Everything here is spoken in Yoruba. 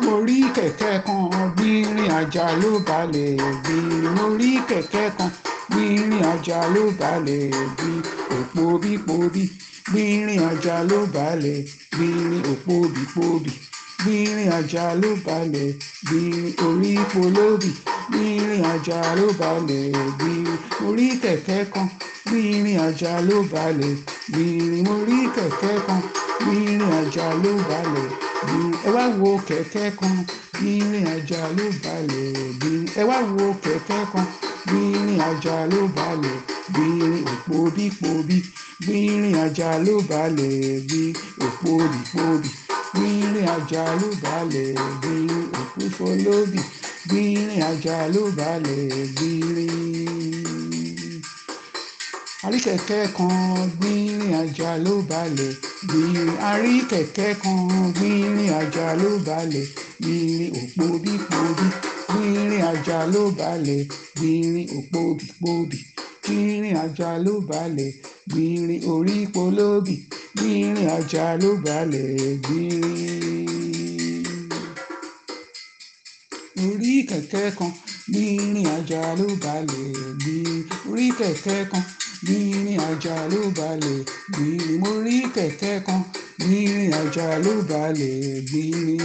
mo rí kẹ̀kẹ́ kan gbìnrín ajá ló balẹ̀ gbìn mo rí kẹ̀kẹ́ kan gbìnrín ajá ló balẹ̀ gbìn òpó bí pobí gbìnrín ajá ló balẹ̀ gbìnrín òpó bí pobí gbìnrín ajá ló balẹ̀ gbìnrín orí polóbì gbìnrín ajá ló balẹ̀ gbìnrín orí kẹ̀kẹ́ kan gbìnrín ajá ló balẹ̀ gbìnrín orí kẹ̀kẹ́ kan gbìnrín ajá ló balẹ̀ ẹ wá wo kẹ̀kẹ́ kan nírin àjà ló balẹ̀ gbìnrin ẹ wá wo kẹ̀kẹ́ kan gbìnrin àjà ló balẹ̀ gbìnrin òpóbípóbí gbìnrin àjà ló balẹ̀ gbìn òpóbípóbí gbìnrin àjà ló balẹ̀ gbìn òpófólóbì gbìnrin àjà ló balẹ̀ gbìnrin àrí kẹ̀kẹ́ kan gbìnrín ajá ló balẹ̀ gbìnrín àrí kẹ̀kẹ́ kan gbìnrín ajá ló balẹ̀ gbìnrín òpóbí póbí gbìnrín ajá ló balẹ̀ gbìnrín òpóbí póbí gbìnrín ajá ló balẹ̀ gbìnrín orí polóbì gbìnrín ajá ló balẹ̀ gbìnrín orí kẹ̀kẹ́ kan gbìnrín ajá ló balẹ̀ gbìnrín orí kẹ̀kẹ́ kan. Gbìnrín ajá ló balẹ̀, gbìnrín mo rí kẹ̀kẹ́ kan. Gbìnrín ajá ló balẹ̀, gbìnrín